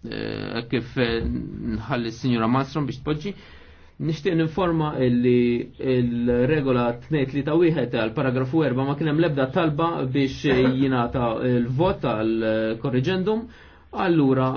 Eh, kif eh, nħalli s-Sinjura Mastrom biex tpoġġi. Nishtiq informa li il-regola 231 għal paragrafu 4 ma kienem lebda talba biex jinata l-vot għal korriġendum, allura